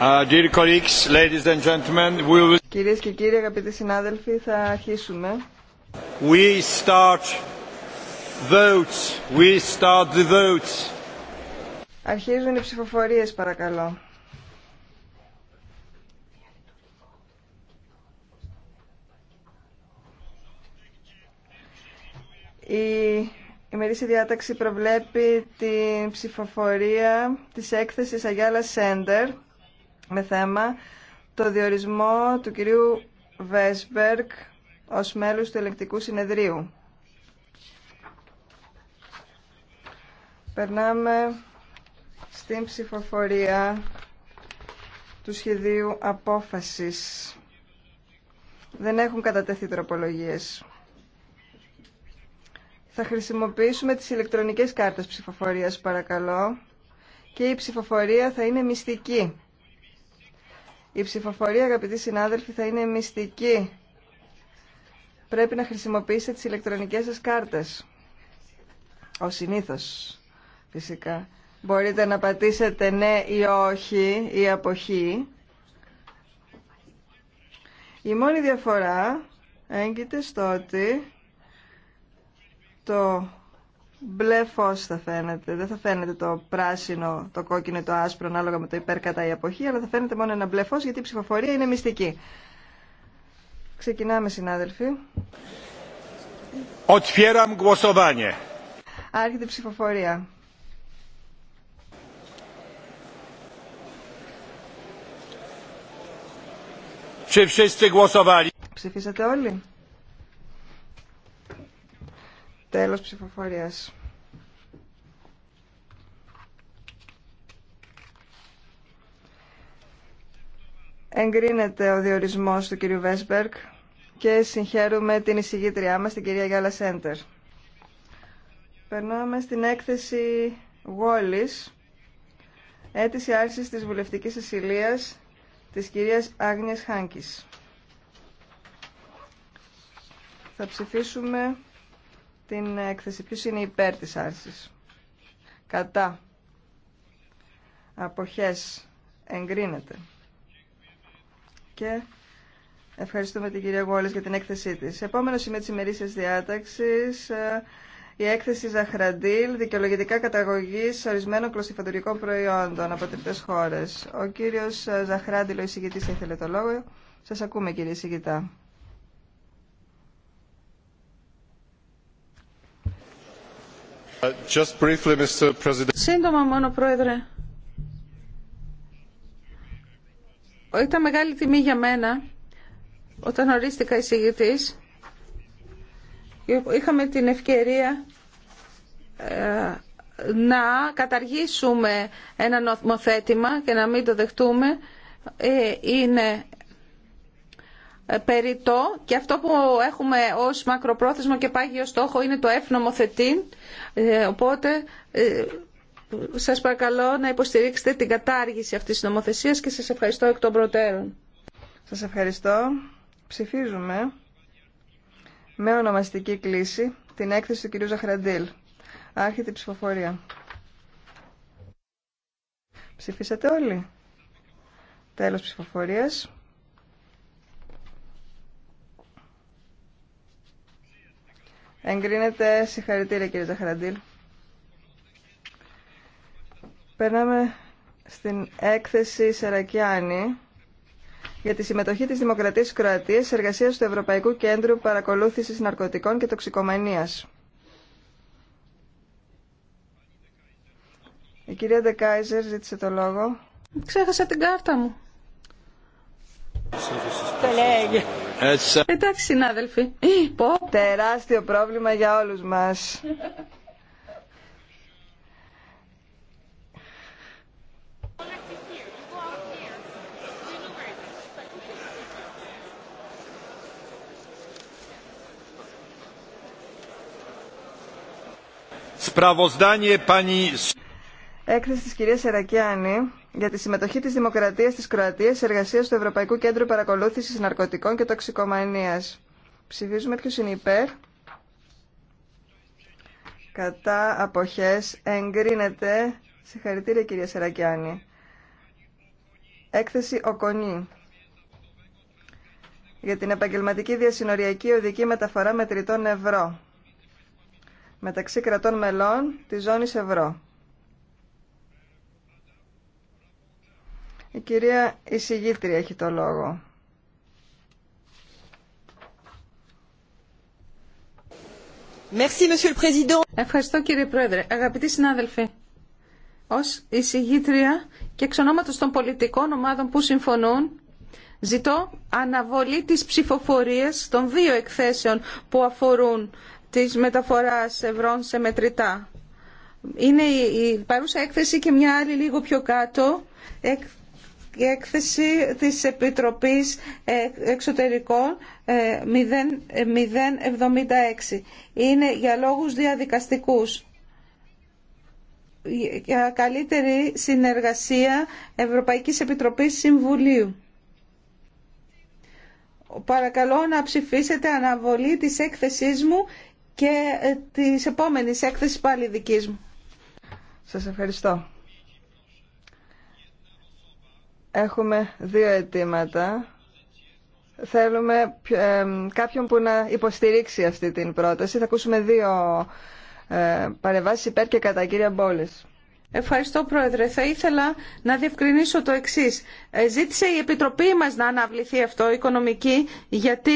Uh, Κυρίες και κύριοι, αγαπητοί συνάδελφοι, θα αρχίσουμε. We start votes. We start the votes. Αρχίζουν οι ψηφοφορίες, παρακαλώ. Η ημερήσια διάταξη προβλέπει την ψηφοφορία της έκθεσης Αγιάλα Σέντερ με θέμα το διορισμό του κυρίου Βέσμπερκ ως μέλους του ελεκτικού συνεδρίου. Περνάμε στην ψηφοφορία του σχεδίου απόφασης. Δεν έχουν κατατεθεί τροπολογίες. Θα χρησιμοποιήσουμε τις ηλεκτρονικές κάρτες ψηφοφορίας παρακαλώ και η ψηφοφορία θα είναι μυστική. Η ψηφοφορία, αγαπητοί συνάδελφοι, θα είναι μυστική. Πρέπει να χρησιμοποιήσετε τις ηλεκτρονικές σας κάρτες. Ο συνήθως, φυσικά. Μπορείτε να πατήσετε ναι ή όχι ή αποχή. Η μόνη διαφορά έγκυται στο ότι το μπλε φω θα φαίνεται. Δεν θα φαίνεται το πράσινο, το κόκκινο, το άσπρο, ανάλογα με το υπέρ κατά η αποχή, αλλά θα φαίνεται μόνο ένα μπλε φω γιατί η ψηφοφορία είναι μυστική. Ξεκινάμε, συνάδελφοι. Otwieram głosowanie. Άρχεται η ψηφοφορία. Ψηφίσατε όλοι. Τέλος ψηφοφορίας. Εγκρίνεται ο διορισμός του κυρίου Βέσμπεργκ και συγχαίρουμε την εισηγήτριά μας, την κυρία Γιάλα Σέντερ. Περνάμε στην έκθεση Wallis, αίτηση άρσης της βουλευτικής ασυλίας της κυρίας Άγνιας Χάνκης. Θα ψηφίσουμε την έκθεση. Ποιος είναι υπέρ της άρσης. Κατά. Αποχές. Εγκρίνεται. Και ευχαριστούμε την κυρία Γουόλες για την έκθεσή της. Επόμενο σημείο της ημερήσιας διάταξης. Ε, η έκθεση Ζαχραντήλ, δικαιολογητικά καταγωγή ορισμένων κλωστιφαντουργικών προϊόντων από τρίτε χώρε. Ο κύριο ε, Ζαχράντιλ, ο εισηγητή, ήθελε το λόγο. Σα ακούμε, κύριε εισηγητά. Σύντομα μόνο, Πρόεδρε. Ήταν μεγάλη τιμή για μένα όταν ορίστηκα εισηγητής. Είχαμε την ευκαιρία ε, να καταργήσουμε ένα νομοθέτημα και να μην το δεχτούμε. Ε, είναι ε, περίτο και αυτό που έχουμε ως μακροπρόθεσμο και πάγιο στόχο είναι το εφνομοθετήν. Ε, οπότε ε, σας παρακαλώ να υποστηρίξετε την κατάργηση αυτής της νομοθεσίας και σας ευχαριστώ εκ των προτέρων. Σας ευχαριστώ. Ψηφίζουμε με ονομαστική κλίση την έκθεση του κυρίου Ζαχραντήλ. Άρχεται η ψηφοφορία. Ψηφίσατε όλοι. Τέλος ψηφοφορίας. Εγκρίνεται. Συγχαρητήρια κύριε Ζαχαραντήλ. Περνάμε στην έκθεση Σερακιάνη για τη συμμετοχή της Δημοκρατίας της Κροατίας σε εργασία του Ευρωπαϊκού Κέντρου Παρακολούθησης Ναρκωτικών και Τοξικομανίας. Η κυρία Ντεκάιζερ ζήτησε το λόγο. Ξέχασα την κάρτα μου. Έτσι. Uh, Εντάξει συνάδελφοι. Ε, πω. Τεράστιο πρόβλημα για όλους μας. Έκθεση τη κυρία Σερακιάνη για τη συμμετοχή της Δημοκρατίας της Κροατίας σε εργασία του Ευρωπαϊκού Κέντρου Παρακολούθησης Ναρκωτικών και Τοξικομανίας. Ψηφίζουμε ποιος είναι υπέρ. Κατά αποχές εγκρίνεται. Συγχαρητήρια κυρία Σερακιάνη. Έκθεση Οκονή για την επαγγελματική διασυνοριακή οδική μεταφορά μετρητών ευρώ μεταξύ κρατών μελών της ζώνης ευρώ. Η κυρία εισηγήτρια έχει το λόγο. Ευχαριστώ κύριε Πρόεδρε. Αγαπητοί συνάδελφοι, ως εισηγήτρια και εξ ονόματος των πολιτικών ομάδων που συμφωνούν, ζητώ αναβολή της ψηφοφορίας των δύο εκθέσεων που αφορούν της μεταφοράς ευρών σε μετρητά. Είναι η παρούσα έκθεση και μια άλλη λίγο πιο κάτω, η έκθεση της Επιτροπής ε, Εξωτερικών 076. Ε, ε, Είναι για λόγους διαδικαστικούς για καλύτερη συνεργασία Ευρωπαϊκής Επιτροπής Συμβουλίου. Παρακαλώ να ψηφίσετε αναβολή της έκθεσής μου και της επόμενης έκθεσης πάλι δικής μου. Σας ευχαριστώ. Έχουμε δύο αιτήματα. Θέλουμε κάποιον που να υποστηρίξει αυτή την πρόταση. Θα ακούσουμε δύο ε, παρεμβάσεις υπέρ και κατά κύρια Μπόλης. Ευχαριστώ Πρόεδρε. Θα ήθελα να διευκρινίσω το εξής. Ε, ζήτησε η Επιτροπή μας να αναβληθεί αυτό, οικονομική, γιατί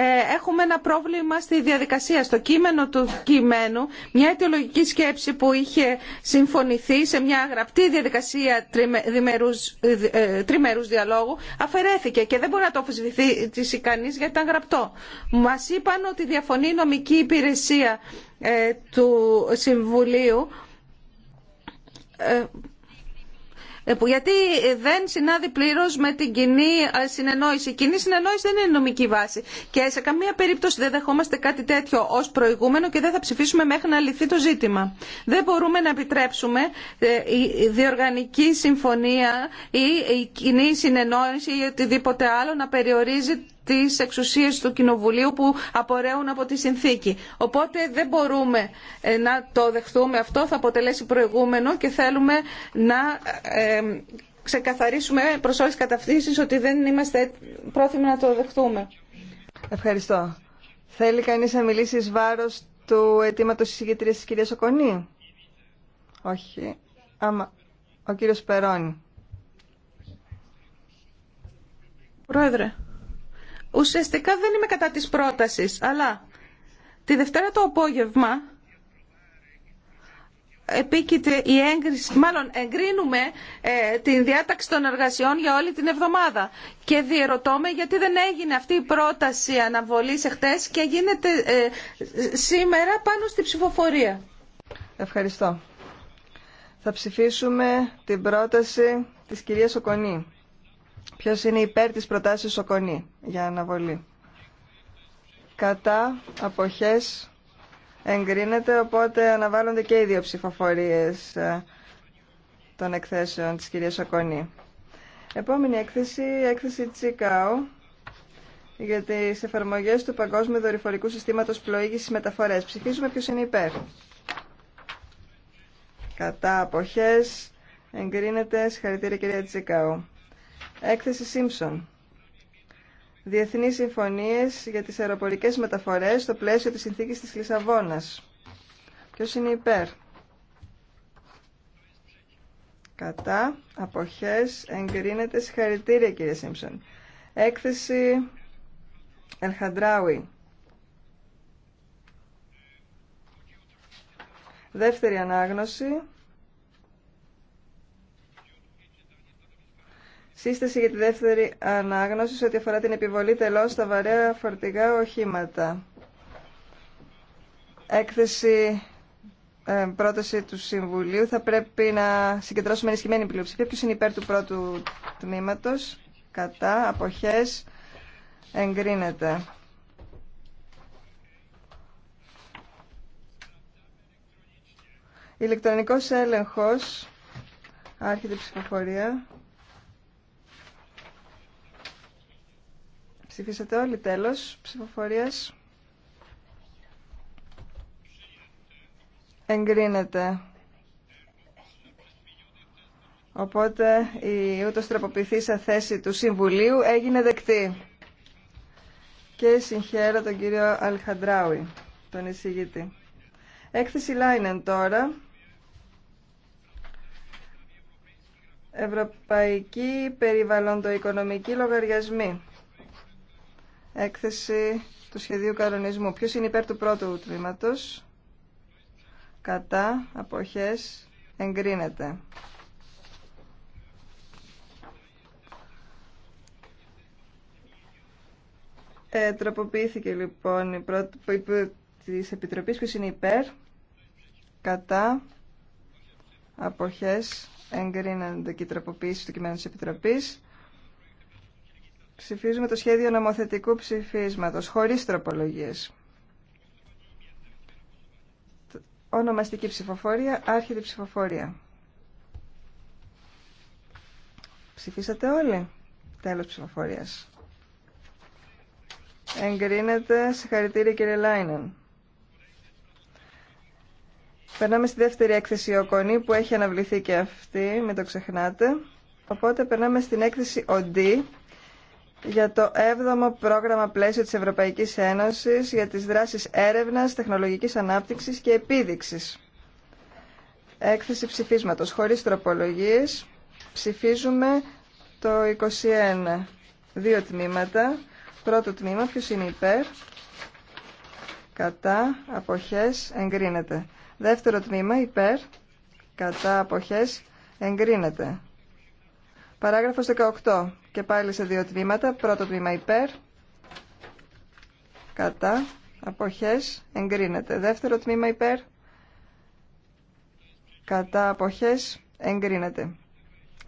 ε, έχουμε ένα πρόβλημα στη διαδικασία. Στο κείμενο του κειμένου, μια αιτιολογική σκέψη που είχε συμφωνηθεί σε μια γραπτή διαδικασία ε, ε, τριμερούς, διαλόγου αφαιρέθηκε και δεν μπορεί να το αφισβητήσει κανείς γιατί ήταν γραπτό. Μας είπαν ότι διαφωνεί η νομική υπηρεσία του Συμβουλίου ε, γιατί ε, δεν συνάδει πλήρω με την κοινή ε, συνεννόηση. Η κοινή συνεννόηση δεν είναι νομική βάση και σε καμία περίπτωση δεν δεχόμαστε κάτι τέτοιο ω προηγούμενο και δεν θα ψηφίσουμε μέχρι να λυθεί το ζήτημα. Δεν μπορούμε να επιτρέψουμε η διοργανική συμφωνία ή η κοινή συνεννόηση ή οτιδήποτε άλλο να περιορίζει τις εξουσίες του Κοινοβουλίου που απορρέουν από τη συνθήκη. Οπότε δεν μπορούμε ε, να το δεχτούμε. Αυτό θα αποτελέσει προηγούμενο και θέλουμε να ε, ξεκαθαρίσουμε προς όλες τις ότι δεν είμαστε πρόθυμοι να το δεχτούμε. Ευχαριστώ. Θέλει κανείς να μιλήσει εις βάρος του αιτήματος της ηγετρίας της κυρίας Οκονή. Όχι. Άμα. Ο κύριος Περώνη. Πρόεδρε ουσιαστικά δεν είμαι κατά της πρότασης, αλλά τη Δευτέρα το απόγευμα επίκειται η έγκριση, μάλλον εγκρίνουμε ε, την διάταξη των εργασιών για όλη την εβδομάδα και διερωτώμε γιατί δεν έγινε αυτή η πρόταση αναβολής εχθές και γίνεται ε, σήμερα πάνω στη ψηφοφορία. Ευχαριστώ. Θα ψηφίσουμε την πρόταση της κυρίας Οκονή. Ποιο είναι υπέρ της προτάσεως Σοκονή για αναβολή. Κατά αποχές εγκρίνεται, οπότε αναβάλλονται και οι δύο ψηφοφορίε ε, των εκθέσεων της κυρίας Σοκονή. Επόμενη έκθεση, έκθεση Τσίκαου για τι εφαρμογέ του Παγκόσμιου Δορυφορικού Συστήματος Πλοήγησης Μεταφορές. Ψηφίζουμε ποιο είναι υπέρ. Κατά αποχές εγκρίνεται. Συγχαρητήρια κυρία Τσίκαου. Έκθεση Σίμψον. Διεθνείς συμφωνίες για τις αεροπορικές μεταφορές στο πλαίσιο της συνθήκης της Λισαβόνας. Ποιος είναι υπέρ. Κατά. Αποχές. Εγκρίνεται. Συγχαρητήρια κύριε Σίμψον. Έκθεση Ελχαντράουι. Δεύτερη ανάγνωση. σύσταση για τη δεύτερη ανάγνωση σε ό,τι αφορά την επιβολή τελών στα βαρέα φορτηγά οχήματα. Έκθεση ε, πρόταση του Συμβουλίου θα πρέπει να συγκεντρώσουμε ενισχυμένη πλειοψηφία. Ποιο είναι υπέρ του πρώτου τμήματο. κατά, αποχές, εγκρίνεται. Ηλεκτρονικός έλεγχος, άρχεται η ψηφοφορία. Συμφίσατε όλοι τέλος ψηφοφορίας. Εγκρίνεται. Οπότε η ούτως σε θέση του Συμβουλίου έγινε δεκτή. Και συγχαίρω τον κύριο Αλχαντράουι, τον εισηγητή. Έκθεση Λάινεν τώρα. Ευρωπαϊκή περιβαλλοντοοικονομική λογαριασμή έκθεση του σχεδίου κανονισμού. Ποιος είναι υπέρ του πρώτου τμήματος. Κατά αποχές εγκρίνεται. Ε, τροποποιήθηκε λοιπόν η πρώτη της Επιτροπής. Ποιος είναι υπέρ. Κατά αποχές εγκρίνονται και η τροποποίηση του κειμένου της Επιτροπής. Ψηφίζουμε το σχέδιο νομοθετικού ψηφίσματος, χωρίς τροπολογίες. Ονομαστική ψηφοφορία, άρχιτη ψηφοφορία. Ψηφίσατε όλοι. Τέλος ψηφοφορίας. Εγκρίνεται. Συγχαρητήρια κύριε Λάινεν. Περνάμε στη δεύτερη έκθεση Οκονή που έχει αναβληθεί και αυτή, μην το ξεχνάτε. Οπότε περνάμε στην έκθεση Οντί για το 7ο πρόγραμμα πλαίσιο της Ευρωπαϊκής Ένωσης για τις δράσεις έρευνας, τεχνολογικής ανάπτυξης και επίδειξης. Έκθεση ψηφίσματος χωρίς τροπολογίες. Ψηφίζουμε το 21. Δύο τμήματα. Πρώτο τμήμα, ποιο είναι υπέρ. Κατά, αποχές, εγκρίνεται. Δεύτερο τμήμα, υπέρ. Κατά, αποχές, εγκρίνεται. Παράγραφος 18 και πάλι σε δύο τμήματα. Πρώτο τμήμα υπέρ, κατά, αποχές, εγκρίνεται. Δεύτερο τμήμα υπέρ, κατά, αποχές, εγκρίνεται.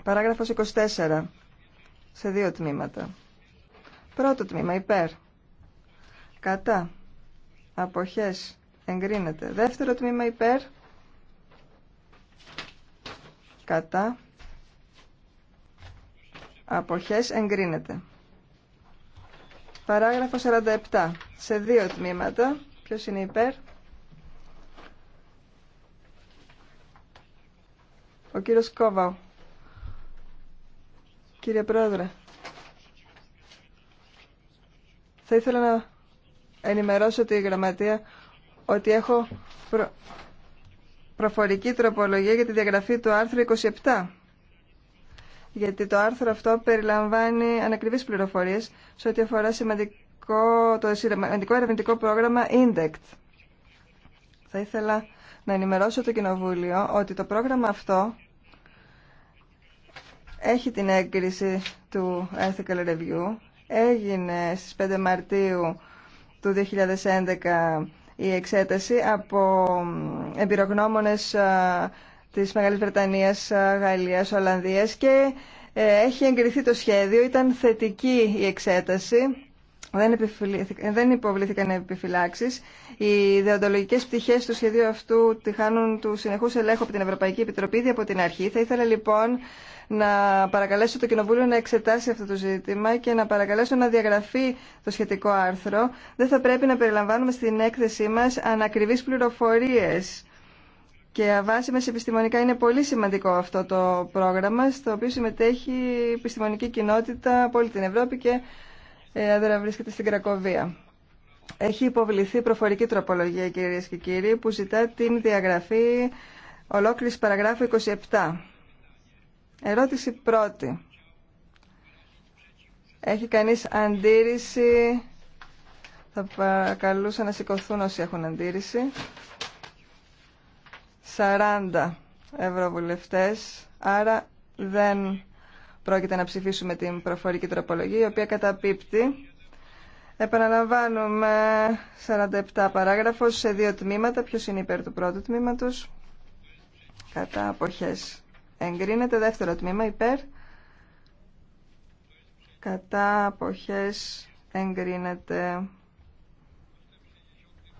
Παράγραφος 24 σε δύο τμήματα. Πρώτο τμήμα υπέρ, κατά, αποχές, εγκρίνεται. Δεύτερο τμήμα υπέρ, κατά, Αποχές εγκρίνεται. Παράγραφο 47. Σε δύο τμήματα. Ποιος είναι υπέρ. Ο κύριος Κόβαου. Κύριε Πρόεδρε. Θα ήθελα να ενημερώσω τη γραμματεία ότι έχω προφορική τροπολογία για τη διαγραφή του άρθρου 27 γιατί το άρθρο αυτό περιλαμβάνει ανακριβείς πληροφορίες σε ό,τι αφορά σημαντικό, το σημαντικό ερευνητικό πρόγραμμα INDECT. Θα ήθελα να ενημερώσω το Κοινοβούλιο ότι το πρόγραμμα αυτό έχει την έγκριση του Ethical Review. Έγινε στις 5 Μαρτίου του 2011 η εξέταση από εμπειρογνώμονες της Μεγάλης Βρετανίας, Γαλλίας, Ολλανδίας και ε, έχει εγκριθεί το σχέδιο, ήταν θετική η εξέταση. Δεν, δεν υποβλήθηκαν επιφυλάξεις. Οι ιδεοντολογικές πτυχές του σχεδίου αυτού τυχάνουν του συνεχούς ελέγχου από την Ευρωπαϊκή Επιτροπή ήδη από την αρχή. Θα ήθελα λοιπόν να παρακαλέσω το Κοινοβούλιο να εξετάσει αυτό το ζήτημα και να παρακαλέσω να διαγραφεί το σχετικό άρθρο. Δεν θα πρέπει να περιλαμβάνουμε στην έκθεσή μας ανακριβείς πληροφορίες και αβάσιμες επιστημονικά είναι πολύ σημαντικό αυτό το πρόγραμμα στο οποίο συμμετέχει η επιστημονική κοινότητα από όλη την Ευρώπη και έδρα ε, βρίσκεται στην Κρακοβία. Έχει υποβληθεί προφορική τροπολογία κυρίες και κύριοι που ζητά την διαγραφή ολόκληρης παραγράφου 27. Ερώτηση πρώτη. Έχει κανείς αντίρρηση. Θα παρακαλούσα να σηκωθούν όσοι έχουν αντίρρηση. 40 ευρωβουλευτές, άρα δεν πρόκειται να ψηφίσουμε την προφορική τροπολογία, η οποία καταπίπτει. Επαναλαμβάνουμε 47 παράγραφος σε δύο τμήματα. Ποιος είναι υπέρ του πρώτου τμήματος? Κατά αποχές. Εγκρίνεται δεύτερο τμήμα υπέρ. Κατά αποχές εγκρίνεται.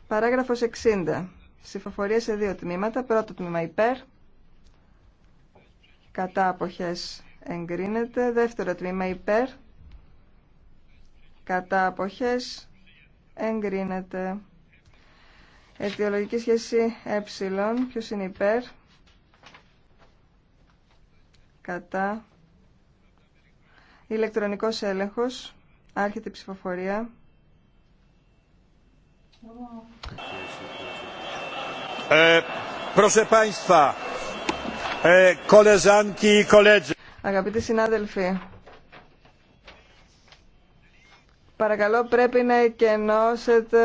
Παράγραφος 60. Ψηφοφορία σε δύο τμήματα. Πρώτο τμήμα υπέρ. Κατά αποχές εγκρίνεται. Δεύτερο τμήμα υπέρ. Κατά αποχές εγκρίνεται. Αιτιολογική σχέση ε. Ποιος είναι υπέρ. Κατά. Ηλεκτρονικός έλεγχος. Άρχεται η ψηφοφορία. E, e, Αγαπητοί συνάδελφοι, παρακαλώ πρέπει να εκενώσετε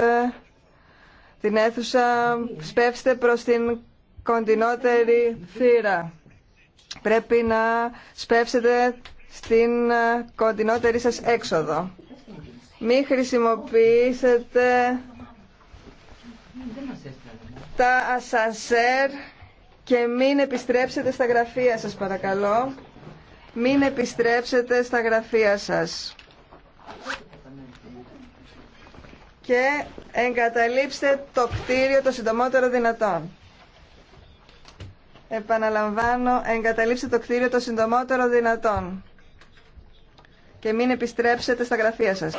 την αίθουσα, σπεύστε προς την κοντινότερη θύρα. Πρέπει να σπεύσετε στην κοντινότερη σας έξοδο. Μην χρησιμοποιήσετε τα ασανσέρ και μην επιστρέψετε στα γραφεία σας παρακαλώ. Μην επιστρέψετε στα γραφεία σας. Και εγκαταλείψτε το κτίριο το συντομότερο δυνατόν. Επαναλαμβάνω, εγκαταλείψτε το κτίριο το συντομότερο δυνατόν. Και μην επιστρέψετε στα γραφεία σας.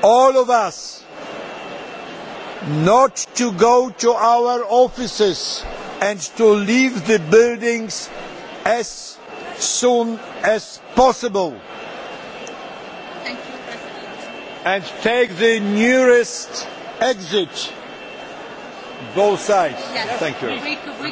All of us not to go to our offices and to leave the buildings as soon as possible. And take the nearest exit. Both sides. Thank you. we,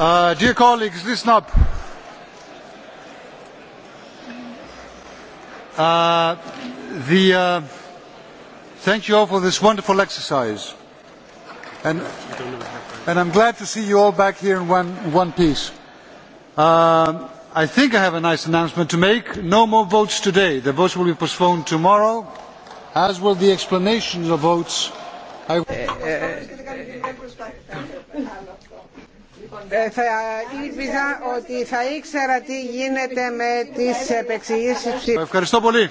Uh, dear colleagues, listen up. Uh, thank you all for this wonderful exercise. And, and I'm glad to see you all back here in one, one piece. I think I have a nice announcement to make. No more votes today. The votes will be postponed tomorrow, as will the explanations of votes. I Ε, θα ήλπιζα ότι θα ήξερα τι γίνεται με τις επεξηγήσεις ψήφου. Ευχαριστώ πολύ.